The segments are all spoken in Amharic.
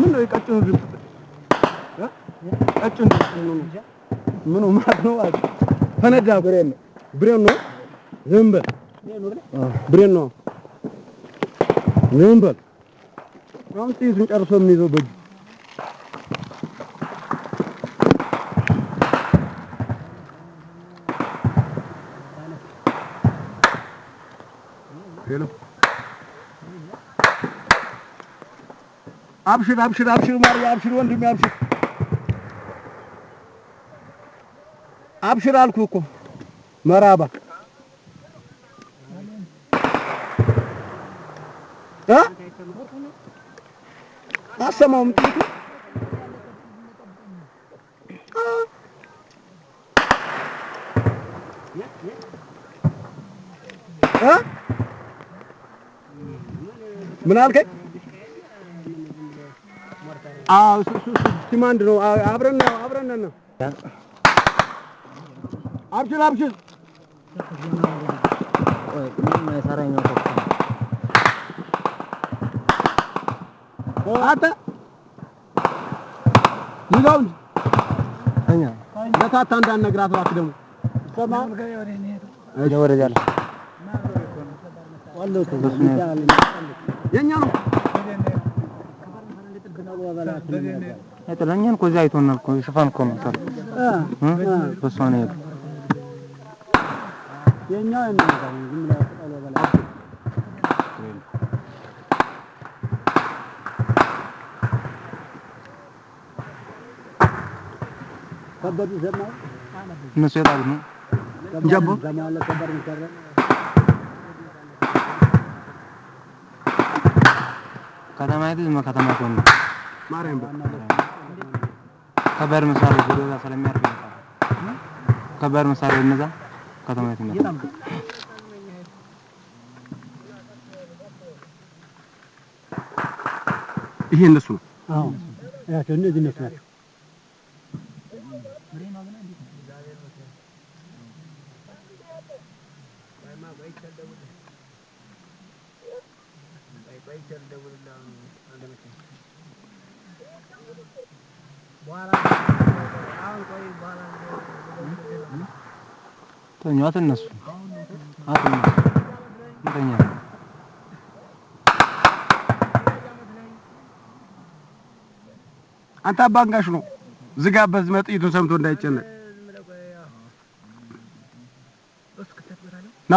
ምን ነው የቀጭኑ ድምፅ ቀጭኑ ድምፅ ምኑ ማለት ነው? ፈነዳ ብሬን ነው ብሬን ነው። ዝም በል ብሬን ነው። ዝም በል አምስት ይዙን ጨርሶ የሚይዘው በእጁ አብሽር አብሽር አብሽር ማሪ አብሽር ወንድሜ አብሽር አብሽር አልኩ እኮ መራባ እ አሰማውም ጥይቱ እ ምን አልከኝ? ሲማንድ ነው። አብረን ነው አብረን ነው። አብሽር አብሽር አንተ ይዘው እኛ ለታታ እንዳትነግራት እባክህ ደግሞ የእኛ ነው። የተለኛን ኮዛ አይቶን ነው እኮ ሽፋን እኮ ነው ታዲያ በእሷ ነው የሄደው። የኛው ከበዱ ዘማ እነሱ የጣሉት ነው ጀቦ ዘማለ ከበር ሚሰራ ከተማይቱ ዝመ ከተማ ከሆነ ማርያም ከባድ መሳሪያ ጉዳት ስለሚያደርግ ከባድ መሳሪያ እነዛ ከተማ የት ይሄ እነሱ ነው። አዎ እያቸው እነዚህ እነሱ ናቸው። ተኙ፣ አትነሱ፣ አትነሱ፣ አንተ አባንጋሽ ነው፣ ዝጋበት። መጥይቱን ሰምቶ እንዳይጨነቅ ና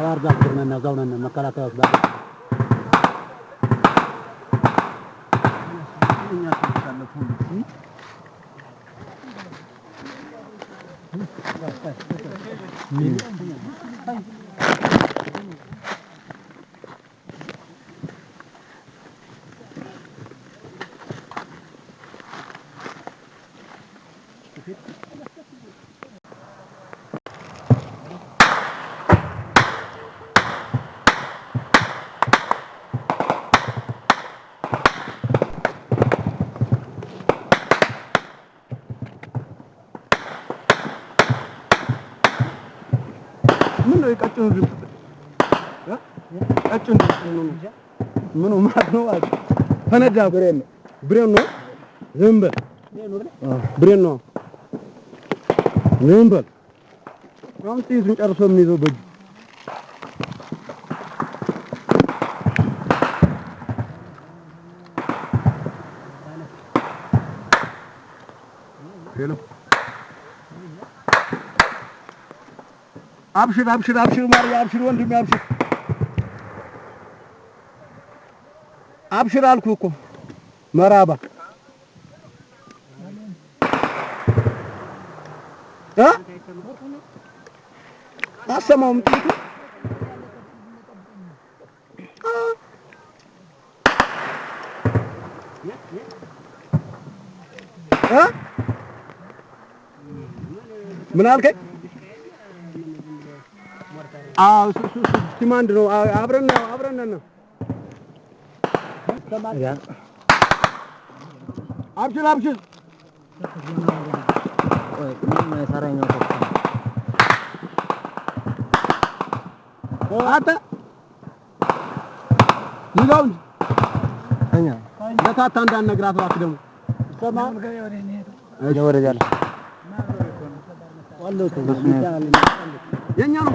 ከባህር ዳር ቁርነና እዛው ነን መከላከያዎች ባ ምን ነው የቀጭኑ ድብጥ ቀጭኑ ምን ነው ማለት ነው? አይ ፈነዳ። ብሬን ብሬን ነው። ዝም በል ብሬን ነው። ዝም በል አሁን ጨርሶ የሚይዘው በእጁ አብሽር አብሽር አብሽር ማሪ አብሽር ወንድሜ አብሽር አብሽር አልኩ እኮ መራባ እ አሰማውም ጥይቱ እ ምን አልከኝ? ዲማንድ ነው። አብረን አብረን ነው። አብሽር አብሽር አንተ ይዘውን እኛ ለታታ እንዳትነግራት እባክህ ደግሞ የእኛ ነው።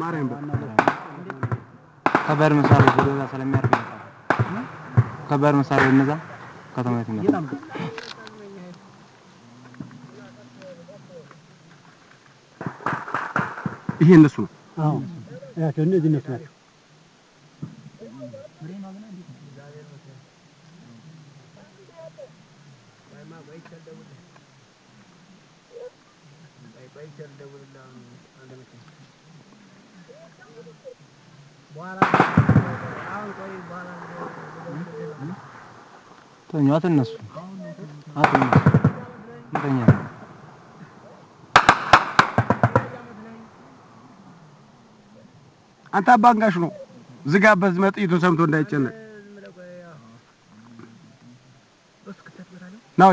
ማርያም ከባድ መሳሪያ ወደዛ ስለሚያርግ ከባድ መሳሪያ እነዛ ከተማ ይሄ እነሱ ነው። አዎ እያቸው እነዚህ እነሱ ናቸው። ተኛ አትነሱ አትነሱ አንተ አባንጋሽ ነው ዝጋበት መጥይቱ ሰምቶ እንዳይጨነቅ ና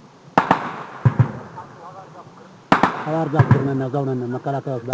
ከባህር ዛፍ ስር ነን፣ እዛው ነን መከላከያዎች